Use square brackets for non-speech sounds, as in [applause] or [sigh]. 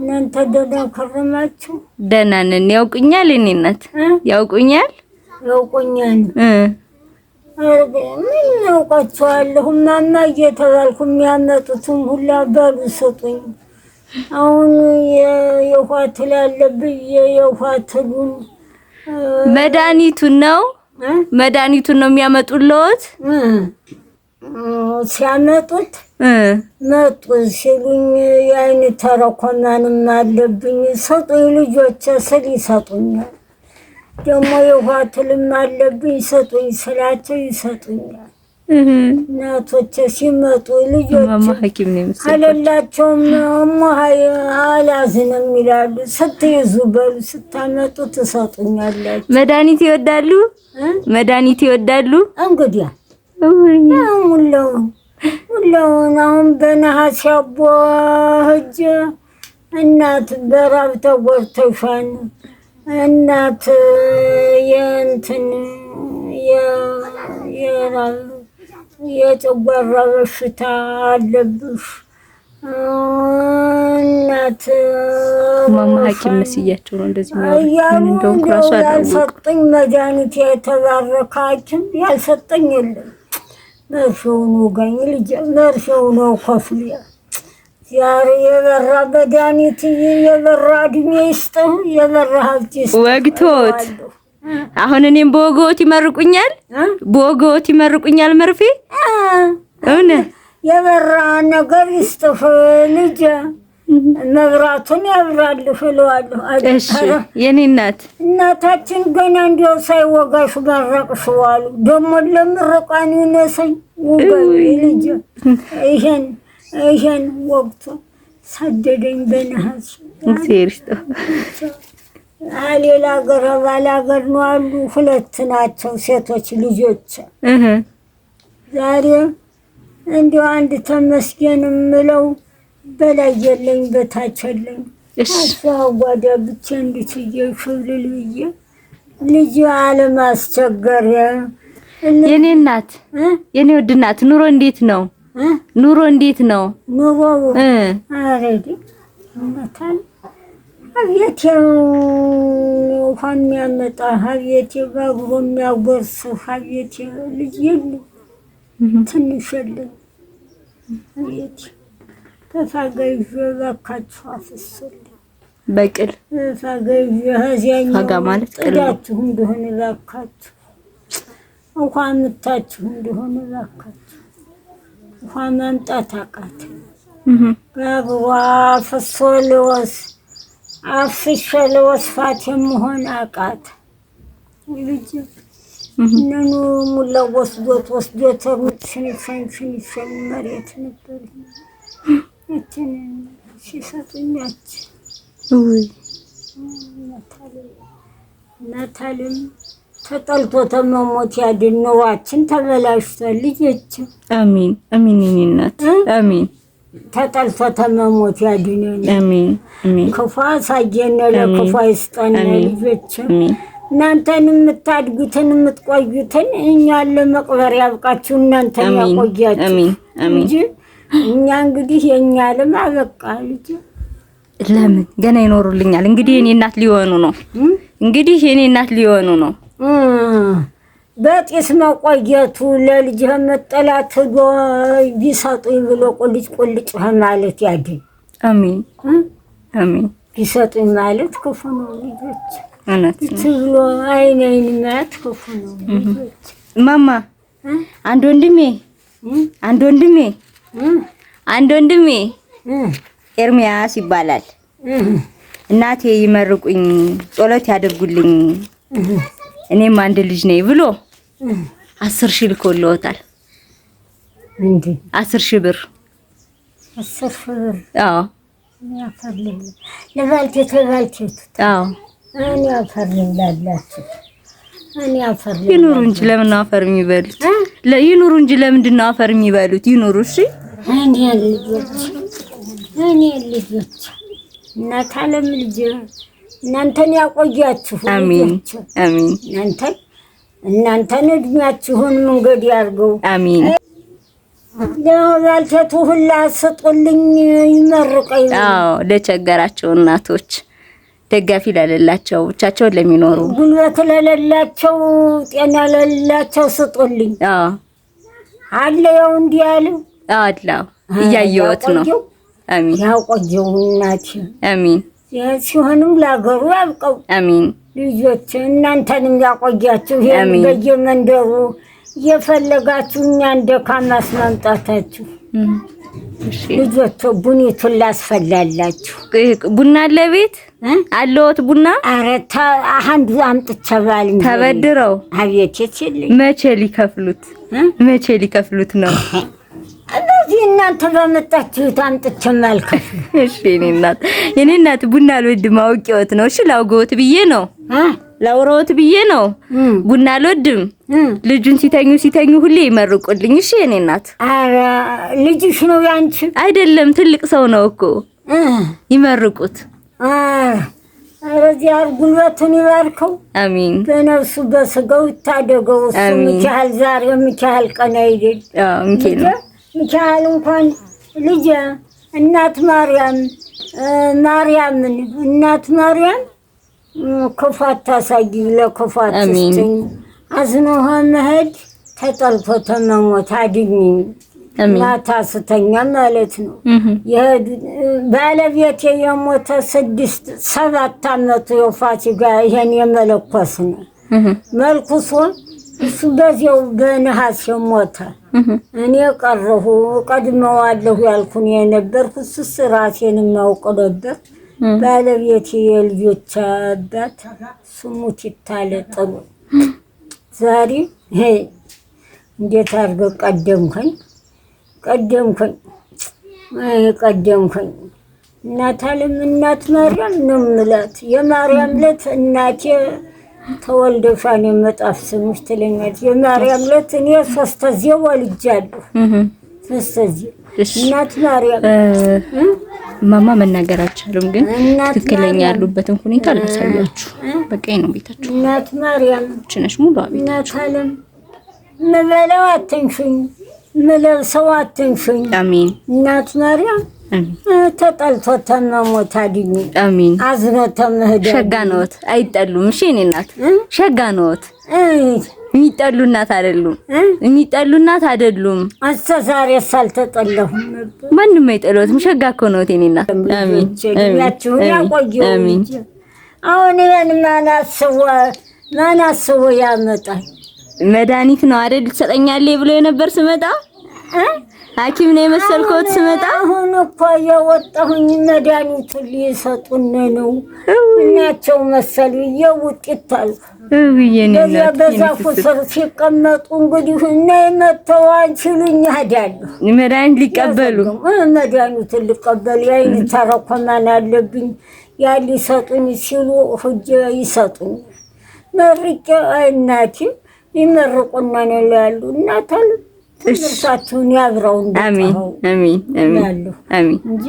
እናንተ ደህና ከረማችሁ? ደህና ነን። ያውቁኛል? እኔ እናት ያውቁኛል? ያውቁኛል። ምን ያውቃቸዋለሁ? ማማ እየተባልኩ የሚያመጡትም ሁላ ባሉ ሰጡኝ። አሁን የውሃ ትል አለብኝ። የውሃ ትሉን መድኃኒቱን ነው መድኃኒቱን ነው የሚያመጡልዎት ሲያመጡት መጡ ሲሉኝ የአይን ተረኮናንም አለብኝ ሰጡኝ። ልጆች ስል ይሰጡኛል። ደግሞ የውሃ ትልም አለብኝ ሰጡኝ ስላቸው ይሰጡኛል። እናቶች ሲመጡ ልጆች አለላቸውም እሞ አላዝንም ይላሉ። ስትይዙ በሉ ስታመጡ ትሰጡኛላችሁ። መድኃኒት ይወዳሉ፣ መድኃኒት ይወዳሉ እንግዲያ ሙላውን ሙላውን አሁን አቦ እናት በራብ ተጎድተሻል። እናት የእንትን የጨጓራ በሽታ አለብሽ። እናት ማማ ሐኪም መስያቸው ነው እንደዚህ ያልሰጠኝ መድኃኒት የተባረከ ሐኪም ያልሰጠኝ የለም። መርፌው ነው ጋኝ ልጅ መርፌው ነው የበራ መድኃኒት የበራ እድሜ የበራ ሀብት ወግቶት አሁን እኔም ይመርቁኛል፣ ይመርቁኛል። መርፌ እውነት የበራ ነገር መብራቱን ያብራልሽ እለዋለሁ። የኔ እናት እናታችን ገና እንዲያው ሳይወጋሽ ባረቅሽ ዋሉ ደግሞ ለምርቃን ይነሰኝ ውበልጅ ይሄን ይሄን ወቅቱ ሰደደኝ በነሐስ እግዚአብሔር ሌላ ሀገር ባል ሀገር ነው አሉ ሁለት ናቸው ሴቶች ልጆች ዛሬ እንዲያው አንድ ተመስገን የምለው በላይ የለኝ በታች የለኝ አስተዋጓዳ ብቻ እንድትዬ ሽብልል ብዬ ልጅ አለም አስቸገረ። የኔ እናት የኔ ውድ እናት ኑሮ እንዴት ነው? ኑሮ እንዴት ነው? ኑሮ አረዲ መታል አብየት ውሃ የሚያመጣ አብየት ባጉሮ የሚያጎርስ አብየት ልጅ የለ ትንሽ የለ አብየት ተሳገዥ በካች አፍስል በቅል ተሳገዥ ሀጋ ማለት ጥዳችሁ እንደሆነ ላካችሁ ውሃ ምታችሁ እንደሆነ ላካችሁ ውሃ ማምጣት አቃት በአበባ ፍሶ ልወስ አፍሸ ለወስፋት የምሆን አቃት ልጅ እነኑ ሙላ ወስዶት ወስዶት ሩጥ ሽንሸን ሽንሸን መሬት ነበር እችን ሲሰጡኛች ውይ ተጠልቶ ተመሞት ያድነዋችን ተበላሽቷል። ልጆች አሚን አሚን፣ የእኔ አሚን። ተጠልቶ ተመሞት ያድነን። አሚን አሚን። ክፉ አሳየን፣ ለክፉ አይስጠን። ልጆች እናንተን የምታድጉትን የምትቆዩትን እኛን ለመቅበር ያብቃችሁ፣ እናንተን ያቆያችሁ እንጂ እኛ እንግዲህ የኛ ልም አበቃ ልጅ ለምን ገና ይኖሩልኛል። እንግዲህ የኔ እናት ሊሆኑ ነው። እንግዲህ የኔ እናት ሊሆኑ ነው። በጢስ መቆየቱ ለልጅ መጠላት ዶ ቢሰጡኝ ብሎ ቁልጭ ቁልጭ ማለት ያድን። አሚን አሚን። ቢሰጡኝ ማለት ክፉ ነው ልጆች፣ እውነት ብሎ አይን አይን ማለት ክፉ ነው ልጆች። ማማ አንድ ወንድሜ አንድ ወንድሜ አንድ ወንድሜ ኤርሚያስ ይባላል። እናቴ ይመርቁኝ፣ ጸሎት ያደርጉልኝ፣ እኔም አንድ ልጅ ነኝ ብሎ አስር ሺህ ልኮልዎታል። አስር ሺህ ብር አስር ሺህ ብር። አዎ አዎ ይኑሩ እንጂ ለምን አፈር የሚበሉት? ይኑሩ እንጂ ለምንድን ነው አፈር የሚበሉት? ይኑሩ። እሺ እኔ ልጆች እኔ ልጆች እናት አለም ልጅ እናንተን ያቆያችሁ። አሚን እናንተን እናንተን እድሜያችሁን መንገድ ያርገው። አሚን። ለባልቴቱ ሁላ ስጡልኝ፣ ይመርቀኝ። አዎ ለቸገራቸው እናቶች ደጋፊ ለሌላቸው ብቻቸውን ለሚኖሩ ጉልበት ለሌላቸው ጤና ለሌላቸው ስጡልኝ። አለ ያው እንዲህ ያለው አላው እያየሁት ነው። አሚን ያቆየው እናት አሚን። ሲሆንም ለሀገሩ ያብቀው አሚን። ልጆች እናንተንም ያቆያችሁ። ይሄን በየመንደሩ የፈለጋችሁ እኛን ደካማ አስማምጣታችሁ ልጆች ቡኒ ቱላ ቡና አለ ቤት አለዎት? ቡና አረታ አንዱ አምጥቼ ባል ተበድረው አቤት መቼ ሊከፍሉት መቼ ሊከፍሉት ነው? [laughs] እናንተ በመጣችሁት አምጥቼ ማልከፍ። እሺ የኔ እናት የኔ እናት ቡና አልወድም አውቄዎት ነው። እሺ ላውገዎት ብዬ ነው ላውረዎት ብዬ ነው። ቡና አልወድም። ልጁን ሲተኙ ሲተኙ ሁሌ ይመርቁልኝ። እሺ የኔ እናት። ኧረ ልጅሽ ነው ያንቺ? አይደለም ትልቅ ሰው ነው እኮ ይመርቁት። ረዚያ ጉልበቱን ይባርከው። አሚን። በነፍሱ በስጋው ይታደገው። እሱ ምቻል ዛሬ ምቻል ቀን አይደል ሚካኤል እንኳን ልጅ እናት ማርያም ማርያምን እናት ማርያም ክፉ አታሳይ ለክፉ አትስጭኝ፣ አዝኖኸ መሄድ ተጠልፎ ተመሞት አድኝኝ ማታ ስተኛ ማለት ነው። ባለቤቴ የሞተ ስድስት ሰባት አመቱ የፋሲካ ይሄን የመለኮስ ነው መልኩሶ እሱ በዚያው በነሐሴ ሞተ። እኔ ቀረሁ። ቀድመዋለሁ ያልኩን የነበርኩ እሱስ ራሴን የማውቅ ነበር። ባለቤት የልጆች አባት ስሙት ይታለጥሉ። ዛሬ እንዴት አድርገህ ቀደምኩኝ ቀደምኩኝ ቀደምኩኝ። እናት አለም እናት ማርያም ነው የምላት የማርያም ዕለት እናቴ ተወልደሻን የመጣፍ ስምሽ ትለኛለች። የማርያም ዕለት እኔ ሶስተዜ ወልጃለሁ። ሶስተዜ እናት ማርያም ማማ መናገር አልቻሉም፣ ግን ትክክለኛ ያሉበትን ሁኔታ አላሳያችሁ። በቃ ነው ቤታችሁ። እናት ማርያም ችነሽ ሙሉ ቤታችሁ ምበለው አትንሽኝ፣ ምለብሰው አትንሽኝ። አሜን እናት ማርያም ተጠልቶ ተመሞት አድኙ። አሚን። አዝኖ ተምህደ ሸጋ ነዎት። አይጠሉም። እሺ የእኔ እናት ሸጋ ነዎት። የሚጠሉ እናት አይደሉም። የሚጠሉ እናት አይደሉም። እስከ ዛሬ ሳልተጠለሁም ማንም አይጠሉትም። ሸጋ እኮ ነዎት የእኔ እናት። አሚን። እድሜያችሁን አሁን ይሄን ማን አስቦ ማን አስቦ ያመጣል? መድኃኒት ነው አይደል ትሰጠኛለህ ብሎ የነበር ስመጣ ሐኪም ነው የመሰልከው ስመጣ። አሁን እኮ የወጣሁኝ መድኃኒቱን ሊሰጡን ነው። እናቸው መሰሉ የውጤት አሉ እያ በዛፉ ስር ሲቀመጡ እንግዲህ እና የመተዋን ሲሉኝ እሄዳለሁ። መድኃኒት ሊቀበሉ መድኃኒቱን ሊቀበሉ የዓይን ተረኮማን አለብኝ ያ ሊሰጡኝ ሲሉ ሁጀ ይሰጡኝ መርቄ እናቴ ይመርቁና ነው ያሉ እናት ትርሳችሁን ያብረው። አሚን አሚን አሚን አሚን።